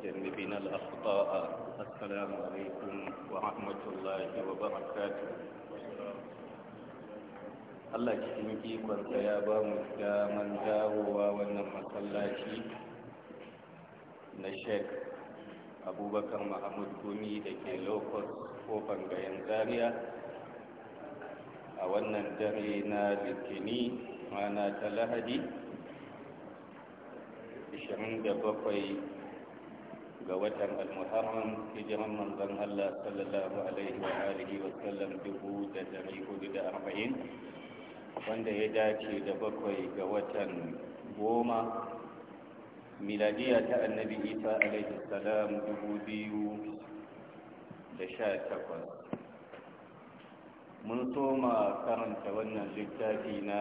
وجنبنا الأخطاء السلام عليكم ورحمة الله وبركاته Allah cikin ikonsa ya ba mu daman dawowa wannan masallaci na Sheikh Abubakar Mahmud Gumi da ke Lokos ko bangayen Zaria a wannan dare na Litini mana ta Lahadi 27 ga watan al-muharram hijiran manzon Allah sallallahu alaihi wa alihi wa sallam dubu da dari hudu da arba'in wanda ya dace da bakwai ga watan goma miladiya ta annabi isa alaihi salam dubu biyu da sha takwas mun soma karanta wannan littafi na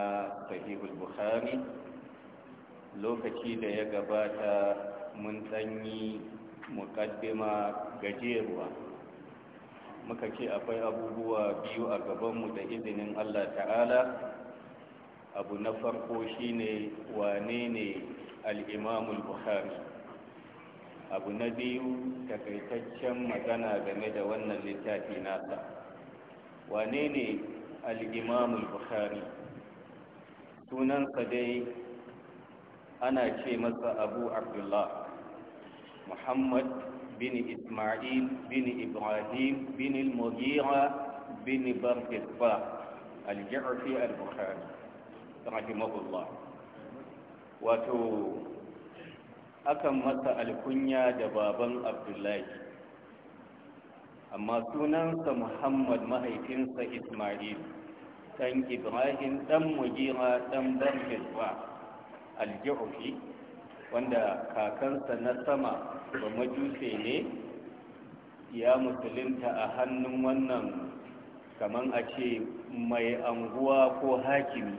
sahihul bukhari lokaci da ya gabata mun tsanyi mukaddima gajeruwa muka ce akwai abubuwa biyu a gabanmu da izinin Allah ta'ala abu na farko shine wane ne al'imamul buhari abu na biyu takaitaccen magana game da wannan littafi nasa wane ne al'imamul buhari sunansa dai ana ce masa abu abdullah محمد بن إسماعيل بن إبراهيم بن المغيرة بن بركفاء الجعفي البخاري رحمه الله وتو أكم مسأ الكنيا دبابا عبد الله amma sunansa muhammad mahaifinsa ismail ɗan ibrahim ɗan mujira ɗan barkisba aljihufi wanda kakansa na sama ba majuse ne ya musulunta a hannun wannan kaman a ce mai anguwa ko hakimi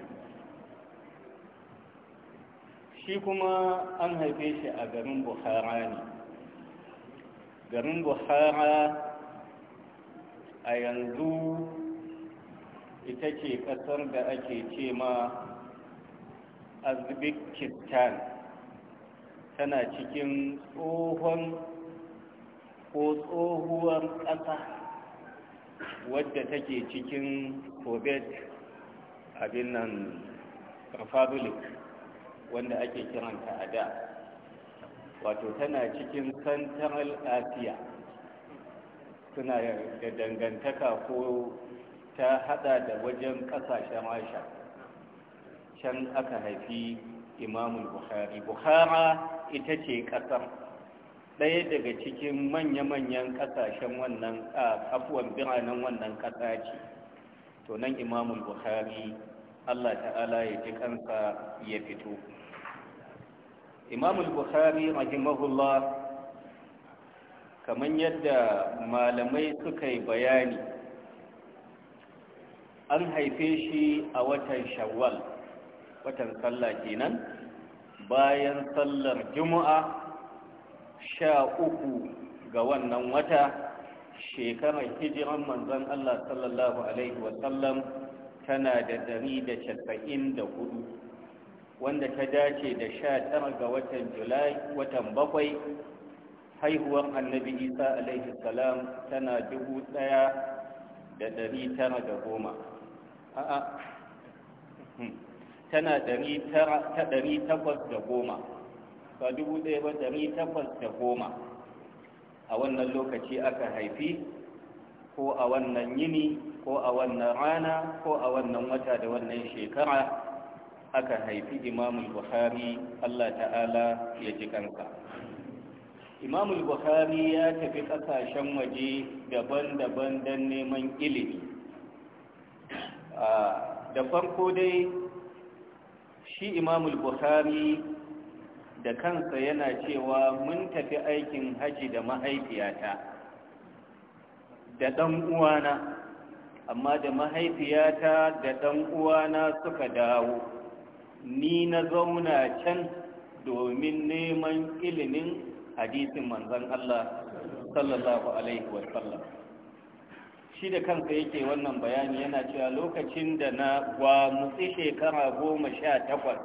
shi kuma an haife shi a garin buhara ne garin buhara a yanzu ita ce kasar da ake ce ma Azbikistan. tana cikin tsohon ko tsohuwar ƙasa wadda take cikin covid abin nan republic wanda ake kiranta a da wato tana cikin central asia suna da dangantaka ko ta hada da wajen ƙasashen rasha can aka haifi imamul buhari buhara ita ce kasar ɗaya daga cikin manya-manyan ƙasashen wannan afuwan biranen wannan ƙasa ce to imamul buhari allah ta'ala ya ji kansa ya fito imamul buhari rahimahullah kamar yadda malamai suka yi bayani an haife shi a watan shawwal watan sallah kenan bayan sallar juma'a sha uku ga wannan wata shekarar hijiran manzon Allah sallallahu alaihi wasallam tana da dari da casa'in da hudu wanda ta dace da sha tara ga watan julai watan bakwai haihuwar annabi isa alaihi salam tana dubu daya da dari tara da goma a'a hmm. tana ɗari tara ta ɗari takwas da goma ba dubu ɗaya ba ɗari takwas da goma a wannan lokaci aka haifi ko a wannan yini ko a wannan rana ko a wannan wata da wannan shekara aka haifi imamul buhari allah ta'ala ya ji kanka imamul buhari ya tafi ƙasashen waje daban-daban don neman ilimi ah, da farko dai shi imamul buhari da kansa yana cewa mun tafi aikin haji da mahaifiyata da ɗan uwana amma da mahaifiyata da ɗan uwana suka dawo ni na zauna can domin neman ilimin hadisin manzon Allah sallallahu alaihi wasallam shi da kansa yake wannan bayani yana cewa lokacin da na mutsi shekara goma sha takwas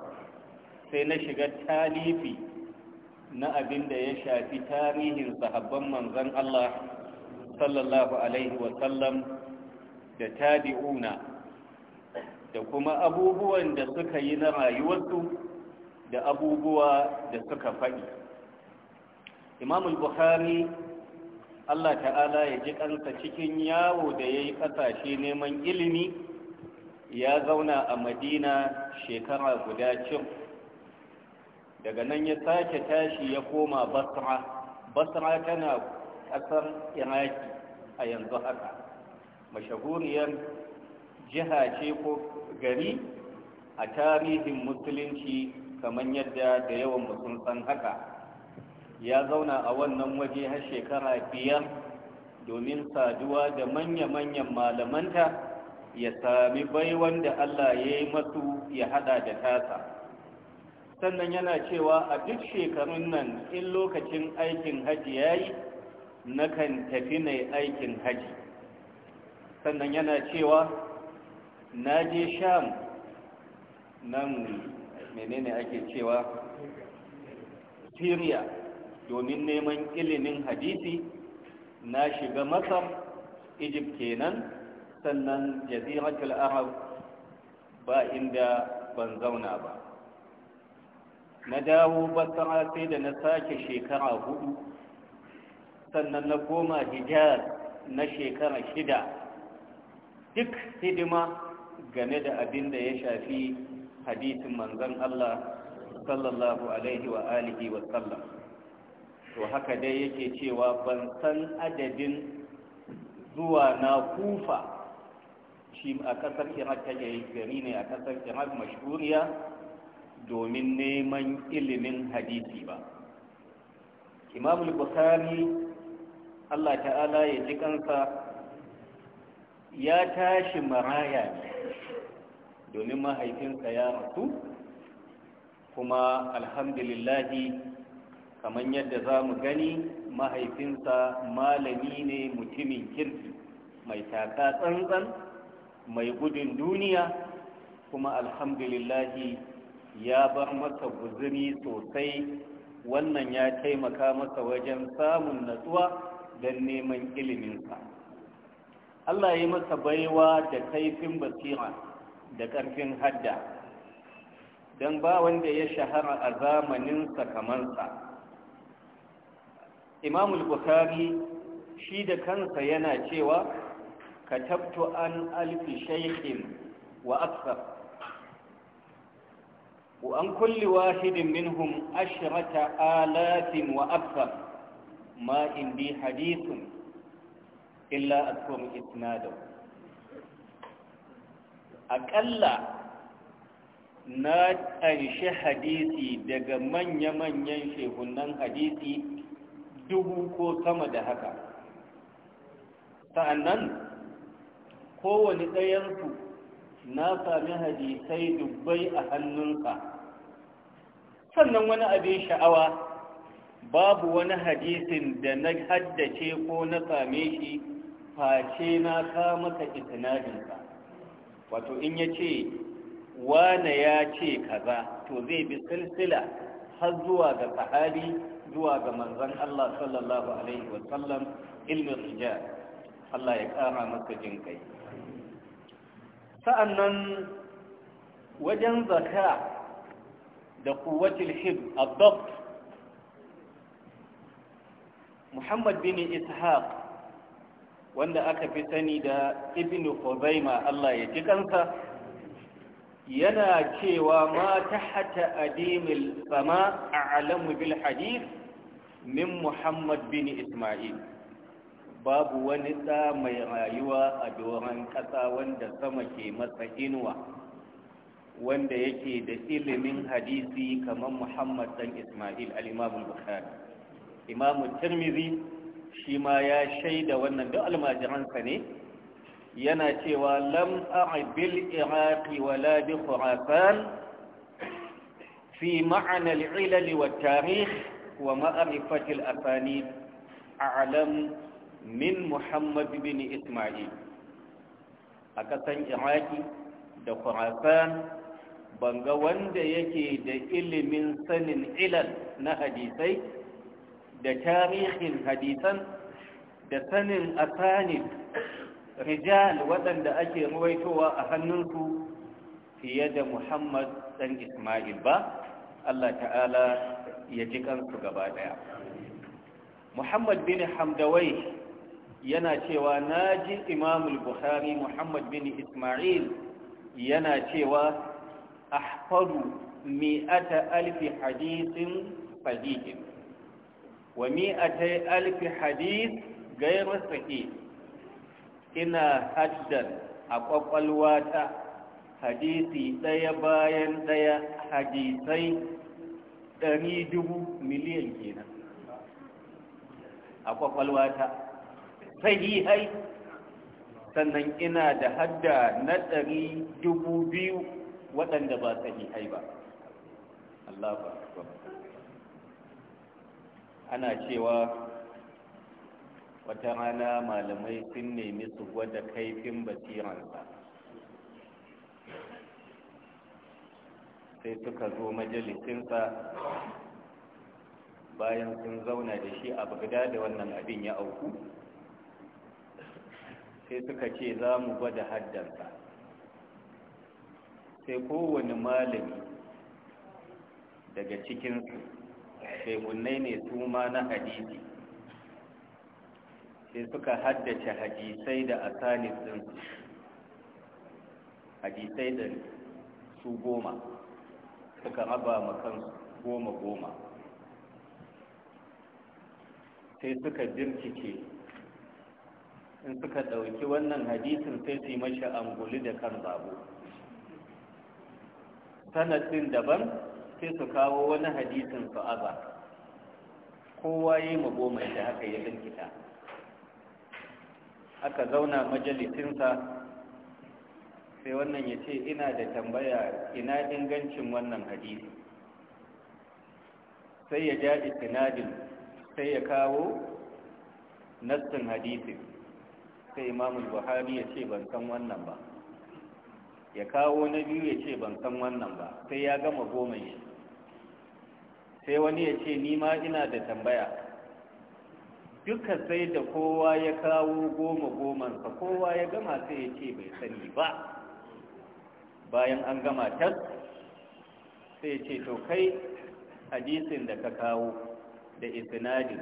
sai na shiga talifi na abin da ya shafi tarihin sahabban manzan Allah sallallahu alaihi wasallam da tabi'una da kuma abubuwan da suka yi na rayuwarsu da abubuwa da suka faɗi imamul bukhari Allah ta'ala ya ji kansa cikin yawo da ya yi ƙasashe neman ilimi ya zauna a madina shekara guda cin daga nan ya sake tashi ya koma basra basra tana ƙasar iraki a yanzu haka mashahuriyar jiha ce ko gari a tarihin musulunci kamar yadda da yawan musulman haka ya zauna a wannan waje har shekara biyar domin saduwa da manya-manyan malamanta ya sami baiwan da Allah ya yi masu ya hada da tasa sannan yana cewa a duk shekarun nan in lokacin aikin haji ya yi nakan tafi ne aikin haji sannan yana cewa na je sham nan menene ake cewa syria domin neman ilimin hadisi na shiga masar egypt kenan sannan jaziratul arab ba inda ban zauna ba na dawo basara sai da na sake shekara hudu sannan na koma hijar na shekara shida duk hidima game da abin da ya shafi hadisin manzon Allah sallallahu alaihi wa alihi wa sallam to haka dai yake cewa ban san adadin zuwa na kufa shi a kasar iraq take gari ne a kasar iraq mashuriya domin neman ilimin hadisi ba imam bukhari allah ta'ala ya ji kansa ya tashi maraya ne domin mahaifinsa ya rasu kuma alhamdulillahi kamar yadda za mu gani mahaifinsa malami ne mutumin kirki mai taka tsantsan mai gudun duniya kuma alhamdulillahi ya bar masa guzuri sosai wannan ya taimaka masa wajen samun natsuwa don neman iliminsa Allah ya yi masa baiwa da kaifin basira da ƙarfin hadda don ba wanda ya shahara a zamaninsa kamansa imamul bukhari shi da kansa yana cewa katabtu an alfi shaykhin wa akthar wa an kulli wahidin minhum ashrata alafin wa akthar ma indi hadithun illa akum isnadahu aƙalla na shi hadisi daga manya-manyan shehunan hadisi dubu ko sama da haka sa'annan kowane ɗayansu na sami hadisai dubbai a hannunka. sannan wani abin sha'awa babu wani hadisin da na haddace ko na same shi face na ka maka itinadinsa wato in ya ce wane ya ce kaza to zai bi silsila har zuwa ga sahabi zuwa ga manzon Allah sallallahu alaihi wa sallam ilmin rija Allah ya kara maka jin kai sa'annan wajen zaka da quwwatul hib adab Muhammad bin Ishaq wanda aka fi sani da Ibn Khuzaima Allah ya ji kansa yana cewa ma tahta adimil sama a'lamu bil hadith min muhammad bin ismail babu wani ɗa mai rayuwa a doron ƙasa wanda sama ke masa inuwa wanda yake da ilimin hadisi kamar muhammad dan ismail al'imamun bukhari imamun tirmizi shi ma ya shaida wannan duk almajiransa ne yana cewa lam a'bil iraqi wala bi khurasan fi ma'anar ilali wa tarihi a الأسانيد min muhammad bin isma'il a أكثر iraki da Khurasan banga wanda yake da ilimin sanin ilal na hadisai da tarihin hadisan da sanin asanin rijal waɗanda ake ruwaitowa a hannunsu fiye da Muhammad dan Ismail ba Allah ta'ala ya ji kansu gaba daya muhammad bin hamdawai yana cewa na ji imamul buhari muhammad bin ismail yana cewa ahfaru mi'ata alfi hadisin sahihin wa mi'ata alfi hadis gairu ina haddan a kwakwalwata hadisi ɗaya bayan ɗaya hadisai ɗari dubu miliyan kenan a kwakwalwa yi sahihai sannan ina da hadda na ɗari dubu biyu waɗanda ba sahihai ba Allah ba ana cewa wata rana malamai sun nemi su gwada kaifin basiransa sai suka zo majalisinsa bayan sun zauna da shi a bagda da wannan abin ya auku sai suka ce za mu gwada haddansa sai kowane malami daga cikinsu shekunai ne su ma na hadisi sai suka haddace hadisai da asanis ɗinsu hadisai da su goma suka raba ma kansu goma goma sai suka jirkike in suka ɗauki wannan hadisin sai su yi mashi anguli da kan zabo sanadin daban sai su kawo wani hadisin su aza kowa yi goma da haka ya jirkita aka zauna majalisinsa sai wannan ya ce ina da tambaya ina ingancin wannan hadisi sai ya ja istinadin sai ya kawo nassin hadisin sai imamul buhari ya ce ban san wannan ba ya kawo na biyu ya ce ban san wannan ba sai ya gama goma shi sai wani ya ce ni ma ina da tambaya duka sai da kowa ya kawo goma sa kowa ya gama sai ya ce bai sani ba bayan an gama tas sai ce to kai hadisin da ka kawo da isnadin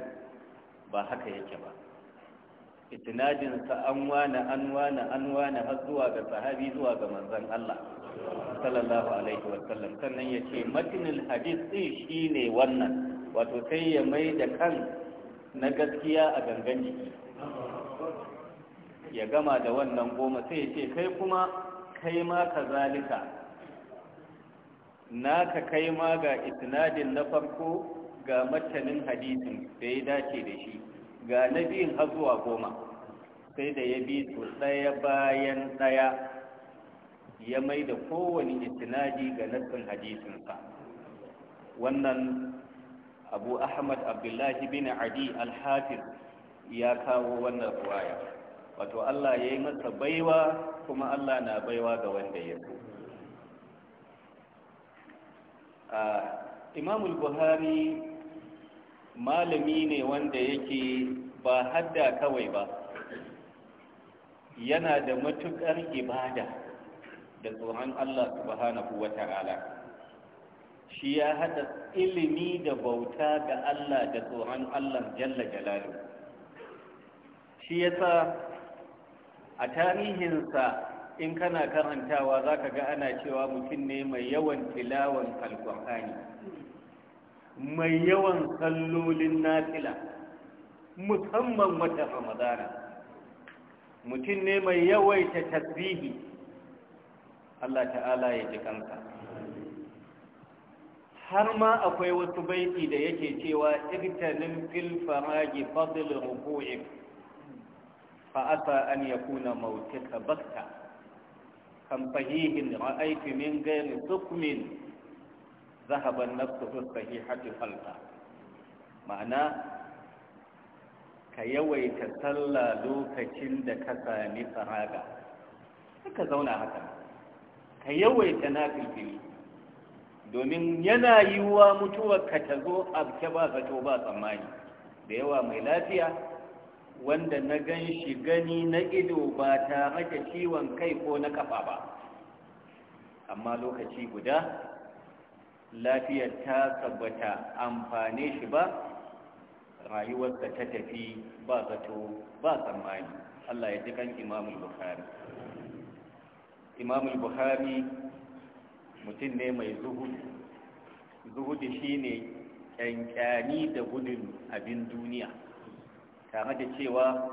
ba haka yake ba isnadinsa an wane an wane an wane har zuwa ga sahabi zuwa ga manzon Allah sallallahu alaihi wa sallam sannan ya ce hadis din shine wannan wato sai ya mai da kan na gaskiya a gangan jiki ya gama da wannan goma sai ya ce kai kuma kai ma kazalika naka kai ma ga isnadin na farko ga matanin hadisin da ya dace da shi ga na biyun har goma sai da ya bi su ɗaya bayan ɗaya ya mai da kowane isnadi ga nassin hadisinsa wannan abu ahmad abdullahi bin adi al-hafiz ya kawo wannan ruwaya wato Allah ya yi masa baiwa kuma Allah na baiwa ga wanda ya so imamul buhari malami ne wanda yake ba hadda kawai ba yana da matuƙar ibada da tsoron Allah subhanahu wa ta'ala shi ya haɗa ilimi da bauta ga Allah da tsoron Allah jalla jalalu shi ya sa. a tarihinsa in kana karantawa za ka ga ana cewa mutum ne mai yawan tilawan alkur'ani mai yawan sallolin nafila musamman wata ramadana mutum ne mai yawaita tasbihi Allah ta'ala ya ji kansa har ma akwai wasu baiti da yake cewa irtanin fil faraji fadl ruku'ik fa asa an yakuna mautaka bakta kam fahihin ra'aytu min ghayri tukmin zahaban nafsu fi sahihati falta ma'ana ka yawaita sallah lokacin da ka sami faraga suka zauna haka ka yawaita nafilfili domin yana yiwuwa mutuwar ka ta zo a ba zato ba tsammani da yawa mai lafiya wanda na gan shi gani na ido ba tare da ciwon kai ko na kafa ba amma lokaci guda lafiyar ta tabbata amfane shi ba rayuwarsa ta tafi ba zato ba tsammani Allah ya ji kan imamul bukhari imamul bukhari mutum ne mai zuhudu zuhudu ne ƙyanƙyani da gudun abin duniya tare da cewa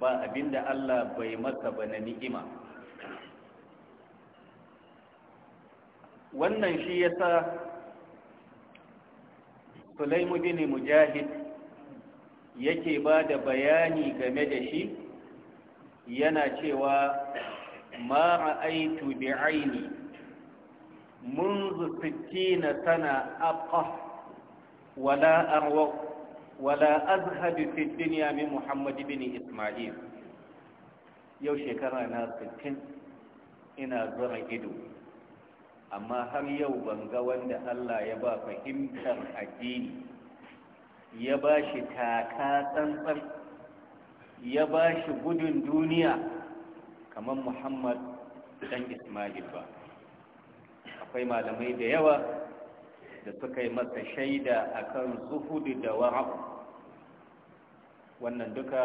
ba abinda Allah bai masa ba na ni'ima wannan shi yasa Sulaimu bin Mujahid yake ba da bayani game da shi yana cewa ma ra'aitu bi aini منذ ستين سنة أبقى ولا أروق wala azhadu fi dunya min muhammad ibn isma'il yau shekara na 60 ina zura ido amma har yau ban ga wanda Allah ya ba fahimtar addini ya ba shi taka tsantsan ya ba shi gudun duniya kamar muhammad dan isma'il ba akwai malamai da yawa da suka yi masa shaida akan zuhudu da wara'u wannan duka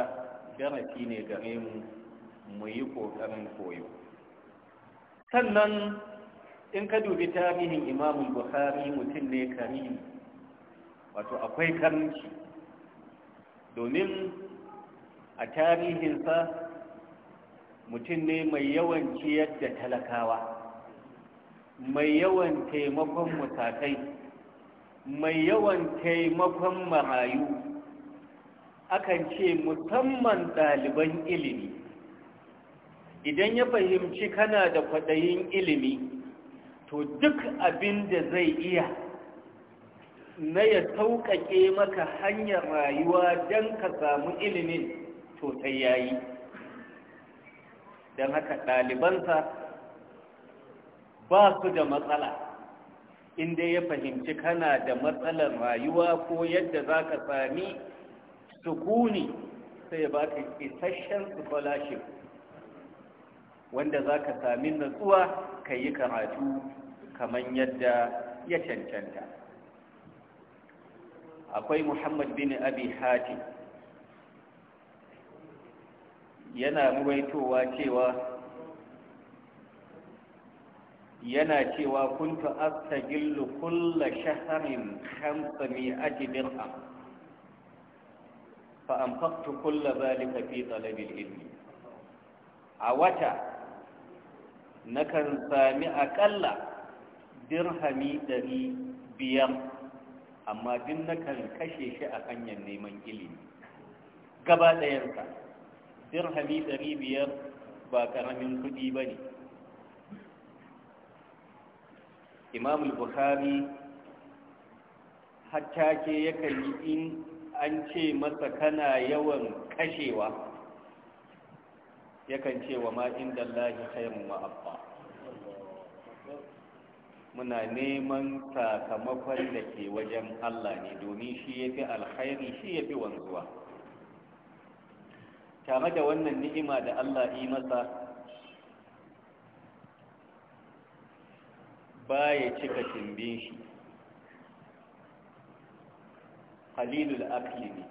darasi ne gare mu mu yi ƙoƙarin koyo sannan in ka dubi tarihin imamun buhari mutum ne karimi wato akwai karanci domin a tarihinsa mutum ne mai yawan ciyar da talakawa mai yawan taimakon musakai mai yawan taimakon marayu akan ce musamman ɗaliban ilimi idan ya fahimci kana da kwaɗayin ilimi to duk abin da zai iya na ya sauƙaƙe maka hanyar rayuwa don ka samu ilimin to ta yayi don haka ɗalibansa ba su da matsala in dai ya fahimci kana da matsalar rayuwa ko yadda za ka sami sukuni sai ba ka isasshen scholarship wanda za ka sami natsuwa ka yi karatu kamar yadda ya cancanta akwai muhammad bin abi hati yana ruwaitowa cewa yana cewa kuntu gillu kulla shaharin khamsa mi'ati dirham fa anfaqtu kulla zalika fi talabil ilmi a wata nakan sami akalla dirhami dari biyar amma duk nakan kashe shi a hanyar neman ilimi gaba ɗayansa dirhami ɗari biyar ba ƙaramin kuɗi ba ne imam bukhari hatta ke yakan yi in an ce masa kana yawan kashewa yakan ce wa ma inda Allahi khairun wa abba muna neman sakamakon da ke wajen Allah ne domin shi yafi alkhairi shi yafi wanzuwa tare da wannan ni'ima da Allah yi masa baya cika timbin shi halilul akli ne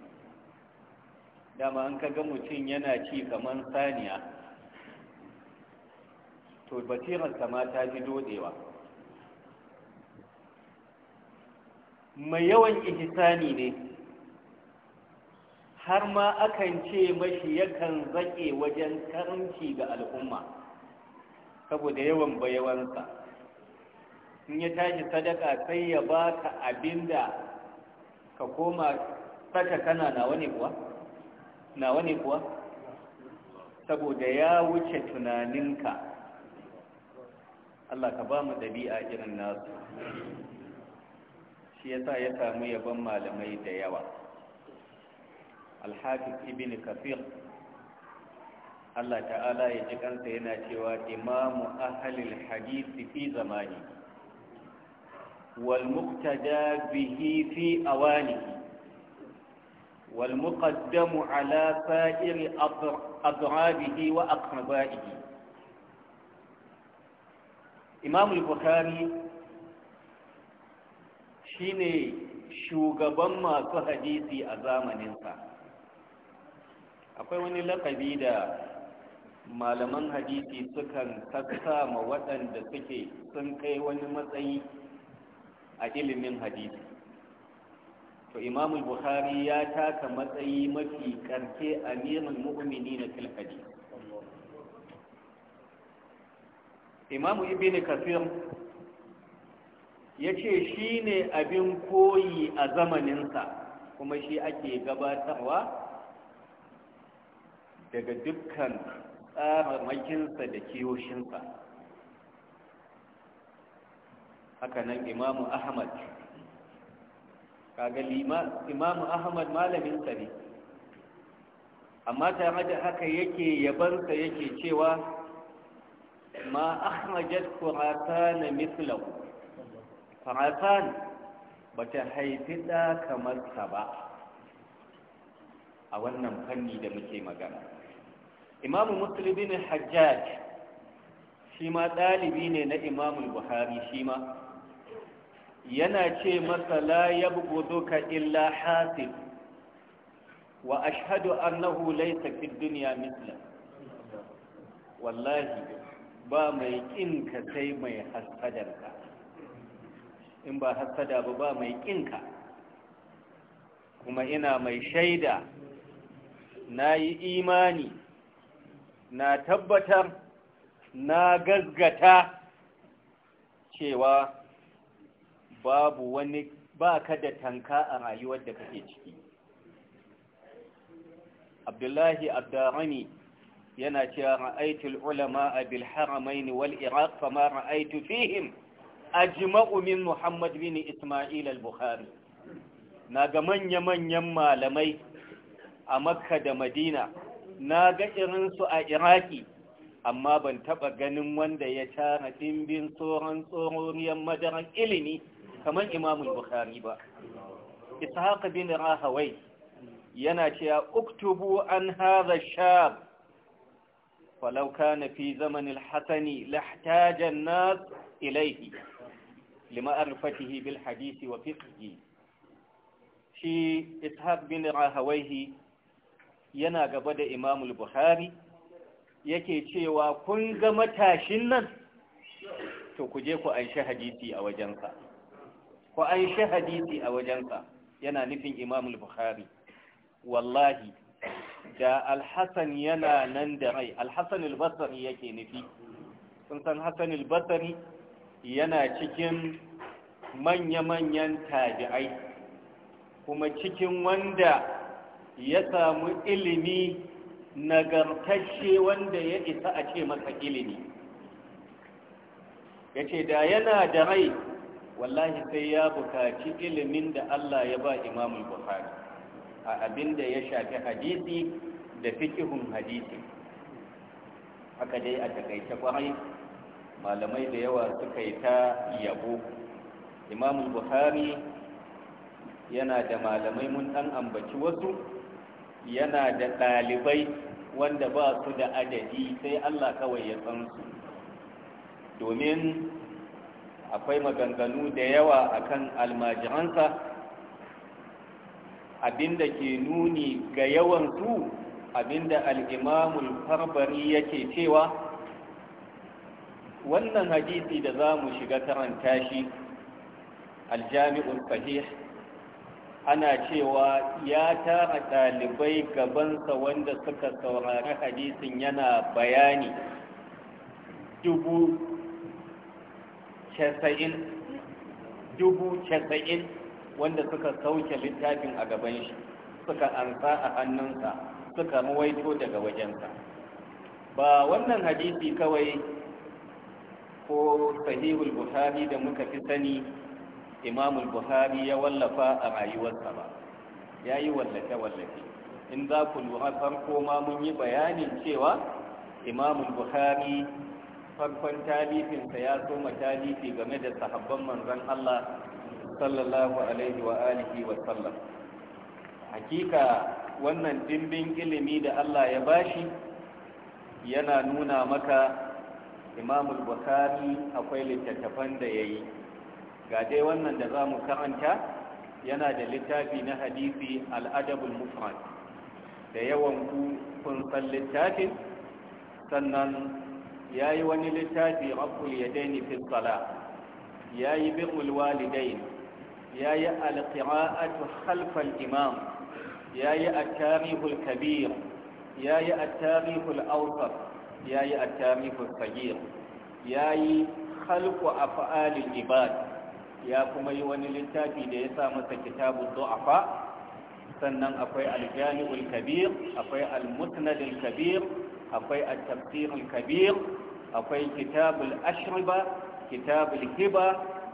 dama an kaga mutum yana ci kamar saniya to basirarsa ma ta ji dodewa mai yawan ihisani ne har ma akan ce mashi yakan zaƙe wajen karanci ga al'umma saboda yawan bayawansa in ya tashi sadaka sai ya baka abinda ka koma saka kana nawa ne kuwa nawa ne kuwa saboda ya wuce tunaninka Allah ka ba mu dabi'a irin nasu shi ya sa ya samu yaban malamai da yawa Alhafi, Ibn kafir Allah ta'ala ya ji kansa yana cewa imamu ahalin hadisi fi zamani والمقتدى به في أوانه والمقدم على سائر أضرابه وأقربائه إمام البخاري شيني shugaban masu hadisi a zamaninsa akwai wani lakabi da malaman hadisi sukan kasa ma waɗanda suke sun kai wani matsayi a ilimin hadisi to imam Buhari ya taka matsayi mafi karke neman mu'mini na fil hadisi imam ibn kasir ya ce shi ne abin koyi a zamaninsa kuma shi ake gabatarwa daga dukkan tsaramakinsa da kiyoshinsa haka nan imamu ahmad kaga imamu ahmad malamin tsari. amma tare da haka yake yabansa yake cewa ma ahmajat kuratan mislahu kuratan ta haifi da kamar ta ba a wannan fanni da muke magana imamu ne hajjaj shi ma ɗalibi ne na imamu buhari shi ma yana ce masa la yabghuduka illa hasib wa ashhadu annahu laysa fid dunya mithla wallahi ba mai kinka sai mai hasadarka in ba hasada ba ba mai kinka kuma ina mai shaida na yi imani na tabbatar na gazgata cewa babu wani ba ka da tanka a rayuwar da kake ciki abdullahi abdarani yana cewa ra'aitul ulama a bilharamaini wal iraq ra'aitu fihim ajma'u min muhammad bin isma'il al-bukhari na ga manya-manyan malamai a makka da madina na ga irinsu a iraki amma ban taba ganin wanda ya tara dimbin tsoron tsoroniyar madaran ilimi kamar imamul bukhari ba ishaq bin rahawai yana cewa uktubu an hadha shab falau kana fi zaman al-hasani lahtaja an-nas ilayhi lima'rifatihi bil hadisi wa fiqhi shi ishaq bin rahawai yana gaba da imamul bukhari yake cewa kun ga matashin nan to ku je ku anshi hadisi a wajensa ko an shi hadisi a wajensa yana nufin imamul bukhari wallahi da alhassan yana nan da rai alhassan albasari yake nufi sun san hassan albasari yana cikin manya-manyan tabi'ai kuma cikin wanda ya samu ilimi nagartacce wanda ya isa a ce masa ilimi ya ce da yana da rai wallahi sai ya bukaci ilimin da Allah ya ba imamul bukhari a abin da ya shafi hadisi da fikihun hadisi haka dai a takaice kwarai malamai da yawa suka yi ta yabo Imamun bukhari yana da malamai mun ɗan ambaci wasu yana da ɗalibai wanda ba su da adadi sai Allah kawai ya san su domin akwai maganganu da yawa akan almajiransa abinda ke nuni ga yawan su abinda al'imamul farbari yake cewa wannan hadisi da za mu shiga karanta shi aljami'ul fahih ana cewa ya tara ɗalibai gabansa wanda suka saurari hadisin yana bayani dubu casa'in dubu casa'in wanda suka sauke littafin a gaban shi suka ansa a hannunsa suka mawaito daga wajensa ba wannan hadisi kawai ko sahihul buhari da muka fi sani imamul buhari ya wallafa a rayuwarsa ba ya yi wallafe-wallafe in za ku lura farko ma mun yi bayanin cewa imamul buhari farkon talifinsa ya soma talifi game da sahabban manzon Allah sallallahu alaihi wa alihi wa sallam hakika wannan dimbin ilimi da Allah ya bashi yana nuna maka imamul bukhari akwai littattafan da yayi ga dai wannan da za mu karanta yana da littafi na hadisi al'adabul mufrad da yawan ku kun san littafin sannan ya yi wani littafi rabbul yadaini fi sala ya yi birul walidain ya yi alqira'atu khalfal imam ya yi tarihul kabir ya yi tarihul awsat ya yi at-tarihul saghir ya yi a af'alil ibad ya kuma yi wani littafi da ya sa masa kitabud du'afa sannan akwai aljami'ul kabir akwai almutnalil kabir akwai at-tafsir al-kabir akwai kitab al-ashriba kitab al-hiba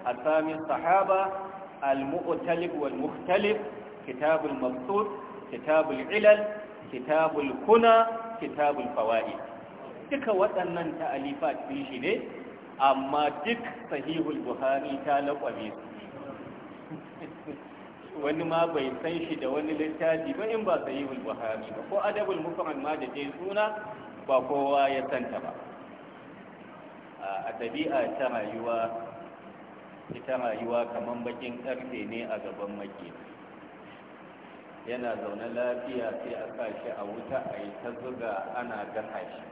asami sahaba al-mu'talib wal-mukhtalif kitab al-mabsut kitab al-ilal kitab al-kuna kitab al-fawaid duka waɗannan ta'alifat din shi ne amma duk sahihul buhari ta laƙwabe su wani ma bai san shi da wani littafi ba in ba sahihul buhari ba ko adabul mufrad ma da dai suna ba kowa ya santa ba a ɗabi'a ta rayuwa ita rayuwa kamar bakin ƙarfe ne a gaban maki yana zaune lafiya sai a kashi a wuta a yi ta zuga ana gaha shi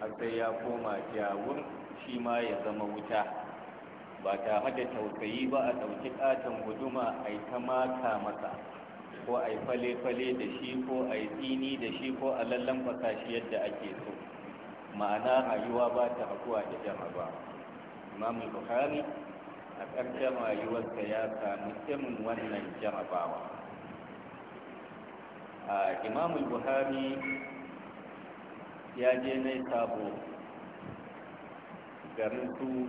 har sai ya koma jawun shi ma ya zama wuta ba tare da tausayi ba a ɗauki ƙaton guduma a yi ta mata masa ko a yi fale-fale da shi ko a yi tsini da shi ko a lallan fasashi yadda ake so ma'ana rayuwa ba ta hakuwa da jama ba imam bukhari a ƙarshen rayuwarsa ya samu irin wannan wa a imam buhari ya je nai sabo garin su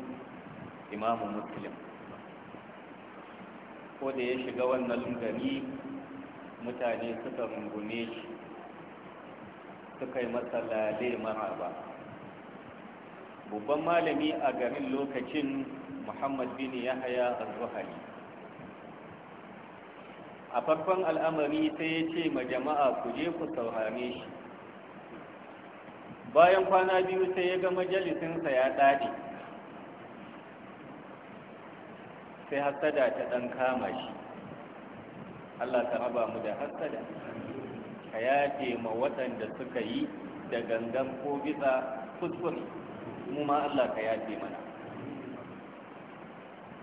imamu muslim ko da ya shiga wannan gari mutane suka rungume shi suka yi mara maraba babban malami a garin lokacin muhammad bin yahaya az-zuhari a farkon al'amari sai ya ce ma jama'a ku je ku saurare shi bayan kwana biyu sai ya ga majalisinsa ya daɗe sai hasada ta ɗan kama shi Allah ta raba mu da hasada ka yace ma waɗanda suka yi da gangan ko bisa kuskure mu ma Allah ka yace mana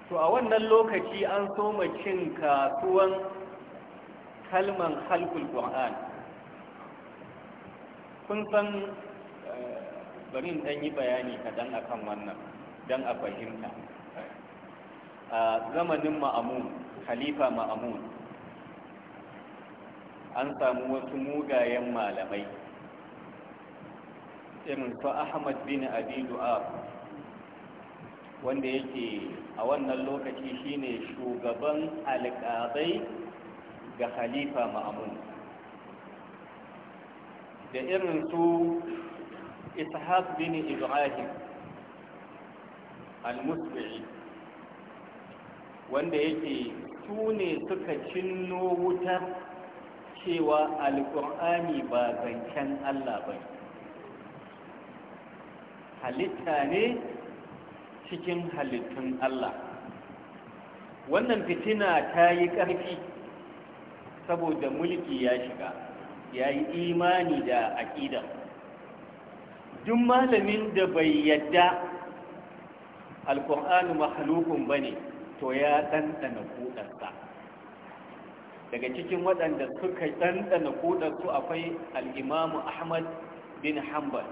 to a wannan lokaci an so soma cin kasuwan kalman halkul qur'an kun san eh, bari in dan yi bayani kaɗan akan wannan dan a fahimta a zamanin ma'amun khalifa ma'amun an samu wasu mugayen malamai irin su ahmad bin Abidu A, wanda yake a wannan lokaci shine shugaban alƙabai ga khalifa ma'amun da irin su ishaq bin ibrahim al-musbi'i wanda yake su ne suka cinno wutar cewa alƙur'ani ba zancen Allah ba halitta ne cikin halittun Allah wannan fitina ta yi ƙarfi saboda mulki ya shiga ya yi imani da aƙida duk malamin da bai yadda alkur'ani mahalukun ba ne to ya ɗanɗana kuɗarsa daga cikin waɗanda suka ɗanɗana su akwai al'imamu ahmad bin hanbal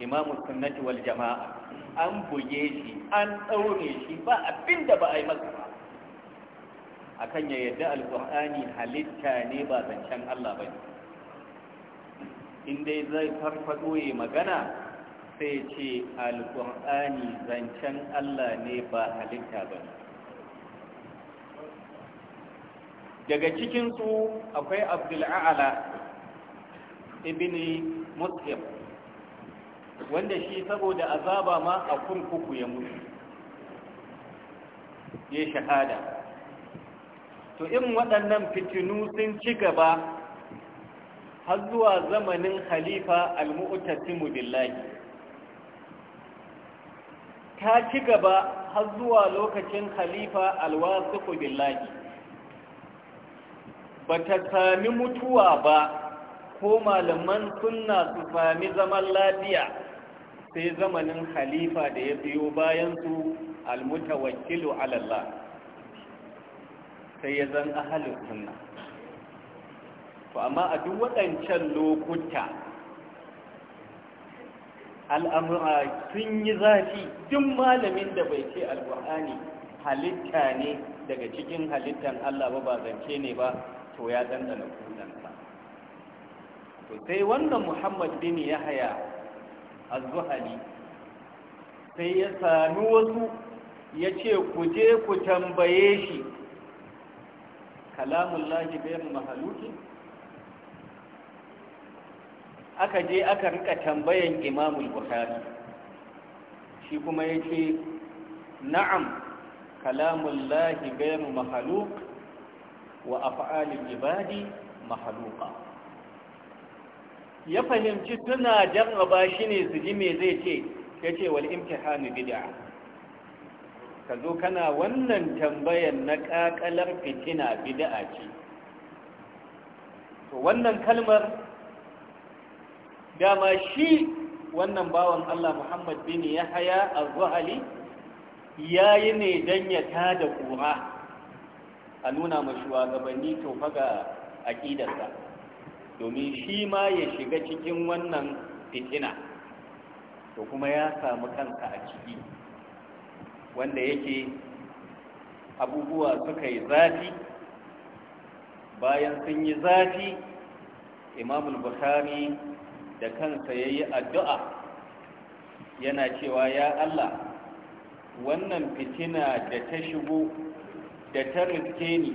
imamu sunnati wal jama'a an buge shi an ɗaure shi ba abin da ba a yi masa ba a kan ya yadda qurani halitta ne ba zancen allah ba in dai zai farfaɗo ya magana sai ce Al-Qur'ani zancen allah ne ba halitta ba ne daga cikinsu akwai abdul'a'ala ibn muslim wanda shi saboda azaba ma a kurkuku ya mutu ya shahada to in waɗannan fitinu sun ci gaba har zuwa zamanin khalifa al-mu'tasimu billahi ta ci gaba har zuwa lokacin khalifa al-wasiqu billahi ba ta sami mutuwa ba ko malaman sunna su sami zaman lafiya sai zamanin halifa da ya biyo bayansu Wakilu, alallah sai ya zan ahalin sunna to amma a duk waɗancan lokuta al'amura sun yi zafi duk malamin da bai ce alƙur'ani halitta ne daga cikin halittan Allah ba ba zance ne ba to ya dandana kudansa to sai wannan muhammad bin haya az-zuhali sai ya sami wasu ya ce ku je ku tambaye shi kalamun lahi bayan mahaluki aka je aka rika tambayan imamul buhari shi kuma ya ce na'am kalamun lahi bayan mahaluki wa af'alin ibadi mahluqa ya fahimci suna jarraba shi ne su mai zai ce ce wal imtihanu bid'a ka zo kana wannan tambayan na ƙaƙalar fitina bid'a ce to wannan kalmar dama shi wannan bawan Allah Muhammad bin Yahya az-Zuhali yayi ne dan ya tada ƙura a nuna ma gabanni tofa ga aƙidarsa domin shi ma ya shiga cikin wannan fitina to kuma ya samu kanka a ciki wanda yake abubuwa suka yi zafi bayan sun yi zafi imamul bukhari da kansa ya yi addu'a yana cewa ya Allah wannan fitina da ta shigo da ta riske ni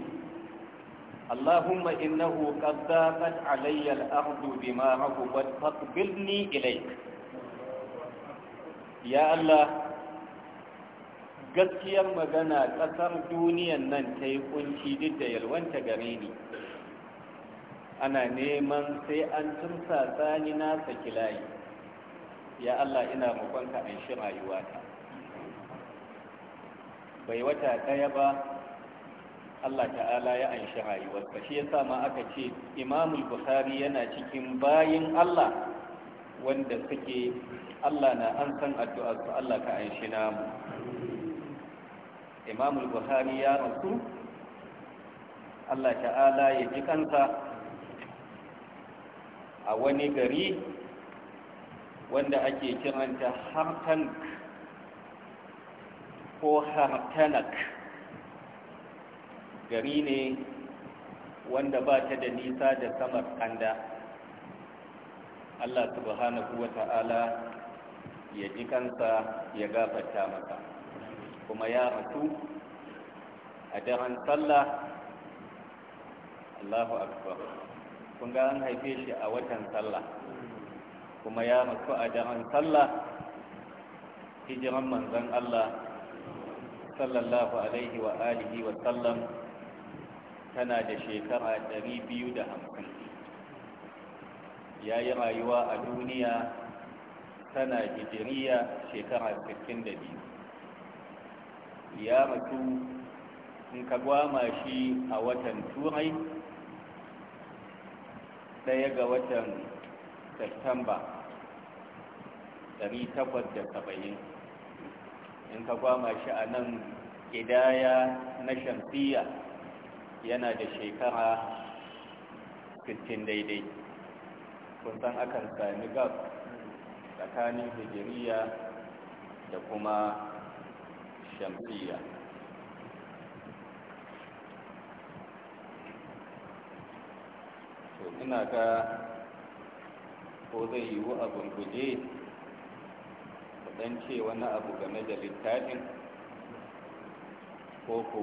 اللهم إنه قد alayya علي الأرض بما عقبت فاقبلني إليك Ya Allah! gaskiyar magana ƙasar duniyan nan ta yi kunci, duk da yalwanta gare ni ana neman sai an tumsa tsani na saki layi ya Allah ina roƙonka in shi rayuwata bai wata ɗaya ba Allah ta'ala ya anshi rayuwarsa shi yasa ma aka ce imamul bukhari yana cikin bayin Allah wanda suke Allah na an san addu'arsu Allah ka anshi namu imamul bukhari ya rasu Allah ta'ala ya ji kansa a wani gari wanda ake kiranta hartank ko hartanak gari ne wanda ba ta da nisa da samar kanda Allah subhanahu wa ta'ala ya ji kansa ya gafata maka kuma ya rasu a daren sallah Allahu akbar kun ga an haife shi a watan sallah kuma ya rasu a daren sallah hijiran manzan Allah sallallahu alaihi wa alihi wa sallam tana da shekara 250 ya yi rayuwa a duniya tana hijiriya shekara 62 ya mutu in ka gwama shi a watan turai ɗaya ga watan september 870 in ka gwama shi a nan ƙidaya na shamsiyya yana da shekara sittin daidai kusan akan sami gab tsakanin hijiriya da kuma shamsiya to ina ga ko zai yiwu a gurguje dan ce wani abu game da littafin ko ko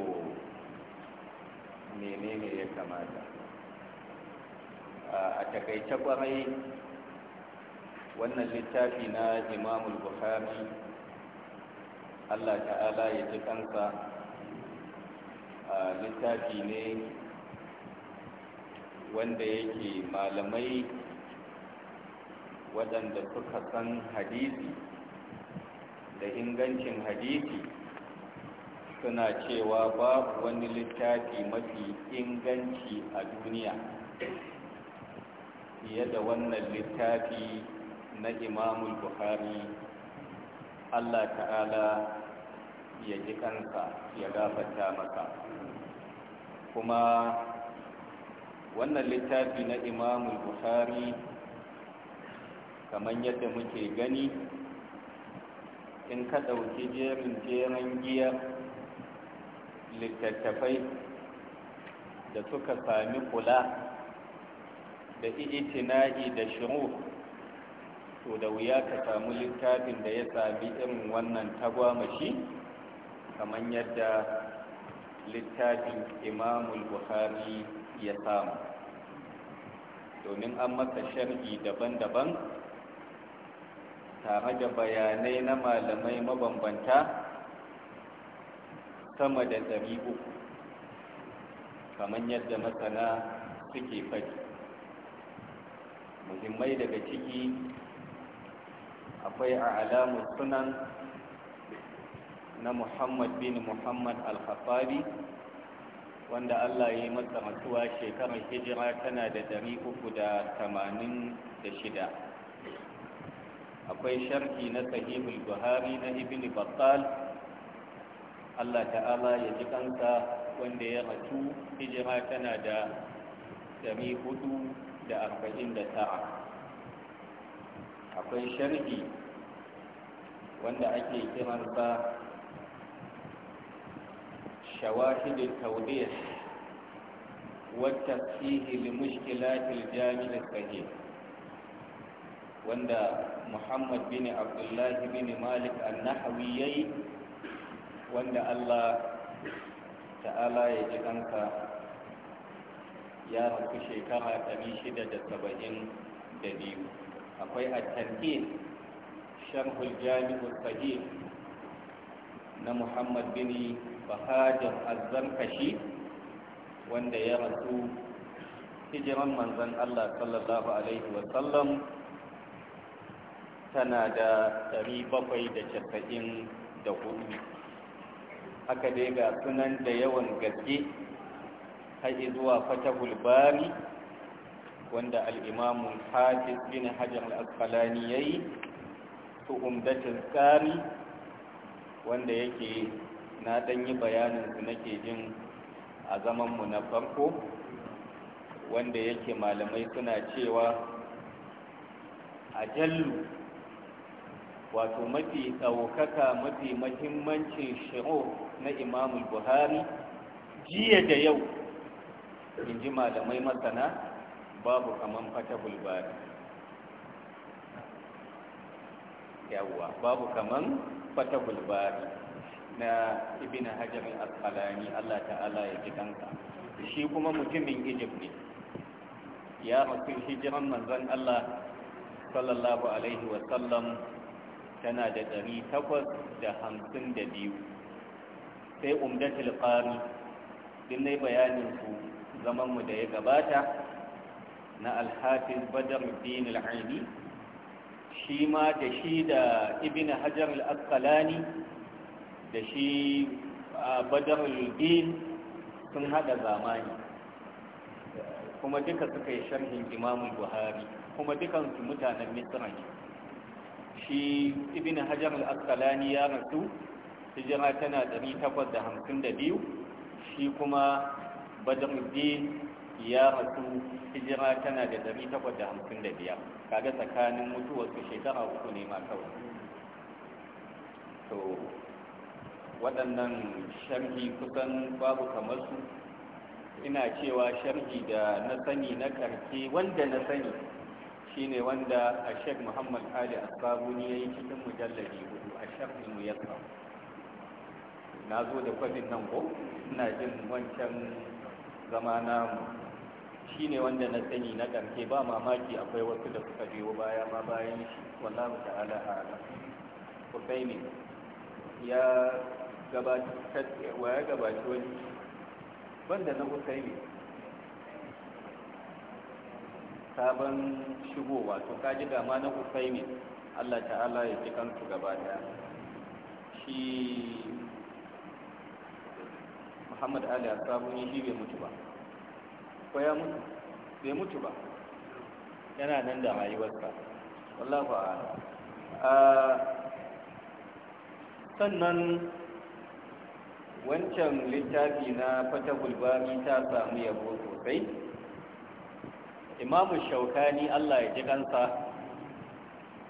menene ya kamata ah, a takaice kwarai wannan littafi na imamul bukhari allah ta'ala ya ji kansa a ah, littafi ne wanda yake malamai waɗanda suka san hadisi da ingancin hadisi suna cewa babu wani littafi mafi inganci a duniya fiye da wannan littafi na imamul buhari allah ta'ala ya ji kansa ya gafata maka kuma wannan littafi na imamul buhari kamar yadda muke gani in ka ɗauki jerin jerin giyar littattafai da suka sami kula da itina'i da shiru to da wuya ka samu littafin da ya sami irin wannan tagwamashi kamar yadda littafin imamul buhari ya samu domin an masa shar'i daban-daban tare da bayanai na malamai mabambanta sama da ɗari uku kamar yadda masana suke faɗi muhimmai daga ciki akwai a alamun sunan na muhammad bin muhammad al wanda allah ya yi masa matuwa shekarar hijira tana da ɗari uku da tamanin da shida akwai sharhi na sahihul buhari na ibn battal Allah ta'ala ya ji kansa wanda ya ratu hijira tana da da arba'in 449 akwai sharhi wanda ake kiran ba shawahidin taudir wata fihe limushkilatil jami'a kaje wanda muhammad bin abdullahi bin malik annahawi nahawi yayi wanda Allah ta'ala ya ji kanka ya rasu shekara biyu. akwai at-tanqin sharhul jami'ul sahih na Muhammad bin Bahadir az wanda ya rasu hijiran manzon Allah sallallahu alaihi wa sallam tana da 794 haka dai ga sunan da yawan gaske har zuwa fatahul bari wanda al'imamun hajji bin hajjar al’asfalani ya yi su umdatin tsari wanda yake na ɗan bayanin su nake jin a zamanmu na farko wanda yake malamai suna cewa a jallu. wato mafi ɗaukaka mafi mahimmancin shiro na imamu buhari jiya da yau in ji malamai masana babu kaman fata bulbari yawwa babu kaman fata bulbari na ibina hajar al Allah ta'ala ya ji ɗanka. shi kuma mutumin Egypt ne ya rasu hijiran manzon Allah sallallahu alaihi wa sallam tana da ɗari takwas da hamsin da biyu sai umdatul ƙari din nai bayanin su zamanmu da ya gabata na alhafiz badar din al'aini shi ma da shi da ibn hajar al'asqalani da shi badar din sun haɗa zamani kuma duka suka yi sharhin imamul buhari kuma dukansu mutanen misra ne shi ibn hajar al-asqalani ya rasu hijira tana 852 shi kuma badruddin ya rasu hijira tana da 855 kaga tsakanin su shekara uku ne ma kawai to waɗannan sharhi kusan babu kamar su ina cewa sharhi da na sani na ƙarfe wanda na sani shine wanda a shek muhammad ali asbabuni ya yi cikin mujallari hudu a shafin muyassar na zo da kwafin nan ko ina jin wancan zama Shi shine wanda na sani na ƙarfe ba mamaki akwai wasu da suka biyo baya ma bayan shi wallahu ta'ala a'lam Husaini ya gabatar wa ya gabatar wani banda na ne. sabon shigowa to kaji ji ma na Usaimin Allah ta'ala ya ci kansu gaba daya shi Muhammad Ali a sabon yi bai mutu ba ko ya mutu bai mutu ba yana nan da rayuwarsa wallahu a ah, sannan wancan littafi na fata bari ta samu yabo sosai imamu shaukani Allah ya ji kansa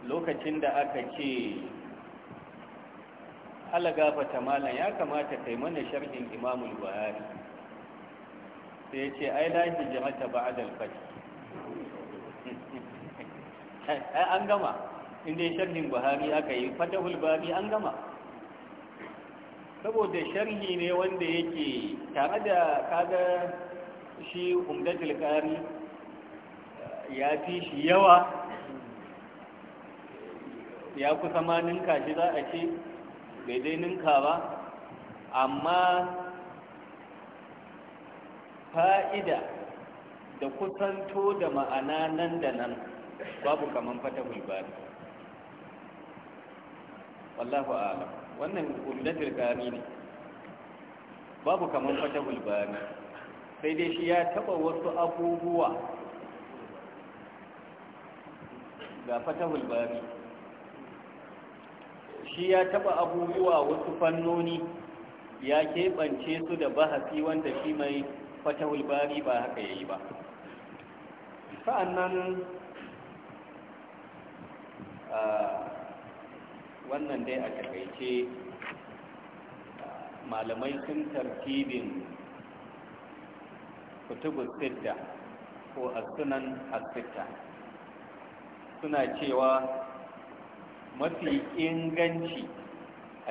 lokacin da aka ce alagafata malam ya kamata kai mana sharhin imamul buhari sai ce ai lahi jimata da al-fath ai an gama inda sharhin buhari aka yi fatahul bari an gama saboda sharhi ne wanda yake tare da kaga shi umdatul qari ya fi shi yawa ya kusa ma ninka shi za a ce bai dai ninka ba amma fa'ida da kusanto da ma'ana nan da nan babu kaman fata ne wallahu ala, wannan umdatul gami ne babu kaman fata ne sai dai shi ya taba wasu abubuwa ga fatahul bari shi ya taba abubuwa wasu fannoni ya keɓance su da bahasi wanda shi mai fatahul bari ba haka ya yi ba sa'annan wannan dai a takaice malamai sun tartibin kutubu sidda ko asunan asitta suna cewa mafi inganci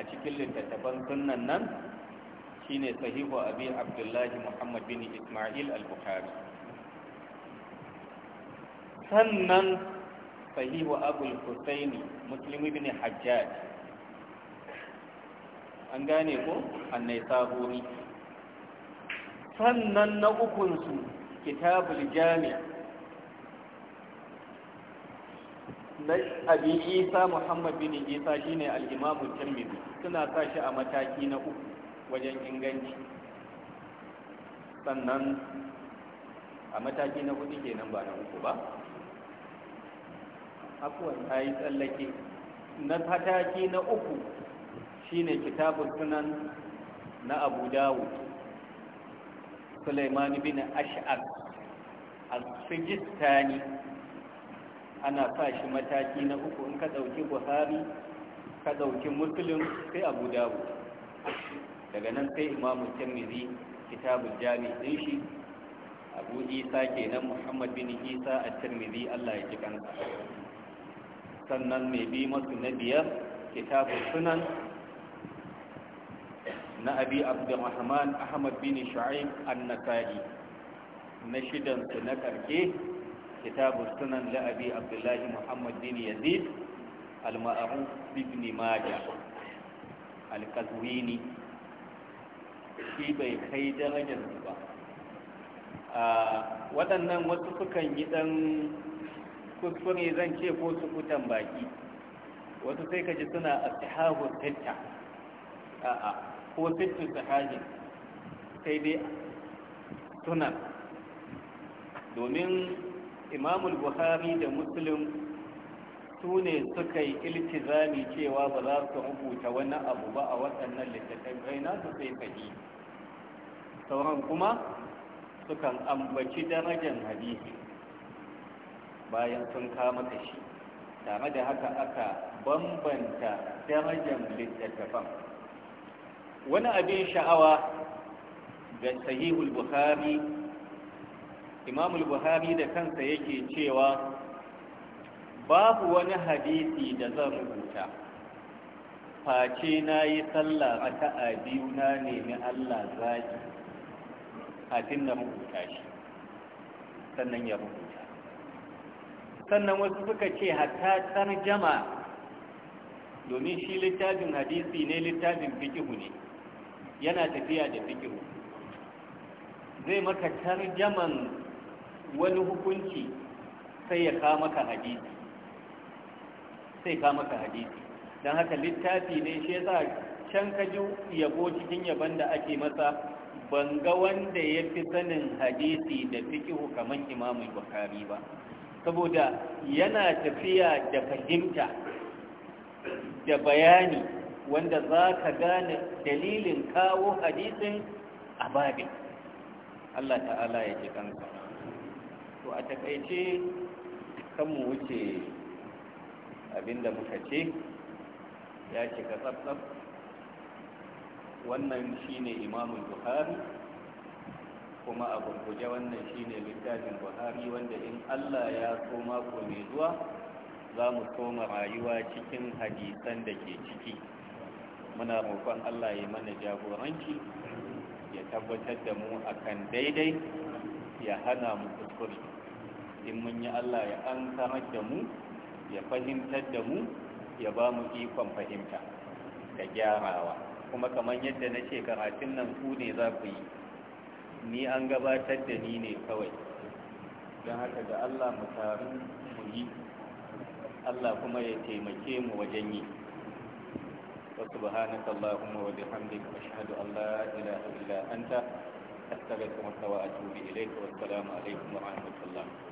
a cikin littattafan sunan nan shine sahihu abi abdullahi muhammad bin ismail al-bukhari sannan sahihu abul husaini muslim ibn hajjaj an gane ko annai sahuri sannan na ukun su kitabul jami' na abi isa muhammad bin isa shine al-imamu tirmidhi suna sa shi a mataki na uku wajen inganci sannan a mataki na hudu kenan ba na uku ba afuwan ta yi tsallake na mataki na uku shine kitabun sunan na abu dawud sulaiman bin ash'ab al-sijistani ana sa shi mataki na uku in ka ɗauki buhari ka ɗauki muslim sai abu dawo daga nan sai imamu tirmidhi kitabun jami'in ɗin shi abu isa ke nan muhammad bin isa a tirmidhi allah ya ji kansa sannan mai bi masu na biyar kitabun sunan na abi abdurrahman ahmad bin shu'aib an-nasa'i na shidan su na karke كتاب السنن لأبي عبد الله محمد بن يزيد المعروف بابن ماجه القزويني shi bai kai darajar ba waɗannan wasu sukan yi ɗan kuskure zan ce ko su kutan baki wasu sai ka ji suna a sahabu tatta a'a ko sittu sahabi sai dai sunan domin imamul buhari da muslim su ne suka yi iltizami cewa ba za su rubuta wani abu ba a waɗannan littattafai na su sai sauran kuma sukan ambaci darajar hadisi bayan sun kama da shi tare da haka aka bambanta darajar littattafan wani abin sha'awa ga sahihul buhari imamul buhari da kansa yake cewa babu wani hadisi da zan rubuta face na yi sallah a biyu na nemi allah zaki kafin na rubuta shi sannan ya rubuta sannan wasu suka ce hatta jama domin shi littafin hadisi ne littafin fikihu ne yana tafiya da fikihu zai maka tarjaman wani hukunci sai ya kama ka hadisi sai kama ka hadisi don haka littafi ne shi yasa can ka ji yabo cikin yaban da ake masa ban ga wanda ya fi sanin hadisi da fiki hukaman imamun bukari ba saboda yana tafiya da fahimta da bayani wanda za ka gane dalilin kawo hadisin a babin Allah ta'ala ya ce kansa a takaice kan mu wuce abinda muka ce ya cika tsabtsab. wannan shine imamul buhari kuma a gurguje wannan shine littafin buhari wanda in allah ya so mako mai zuwa za mu soma rayuwa cikin hadisan da ke ciki muna roƙon allah ya mana jagoranci ya tabbatar da mu akan daidai ya hana mu kuskure in mun yi Allah ya an samar da mu ya fahimtar da mu ya ba mu ikon fahimta da gyarawa kuma kamar yadda na ce karatun nan ku ne za ku yi ni an gabatar da ni ne kawai don haka da Allah mu taru mu yi Allah kuma ya taimake mu wajen yi سبحانك اللهم وبحمدك أشهد أن لا إله إلا أنت أستغفرك وأتوب إليك والسلام عليكم ورحمة الله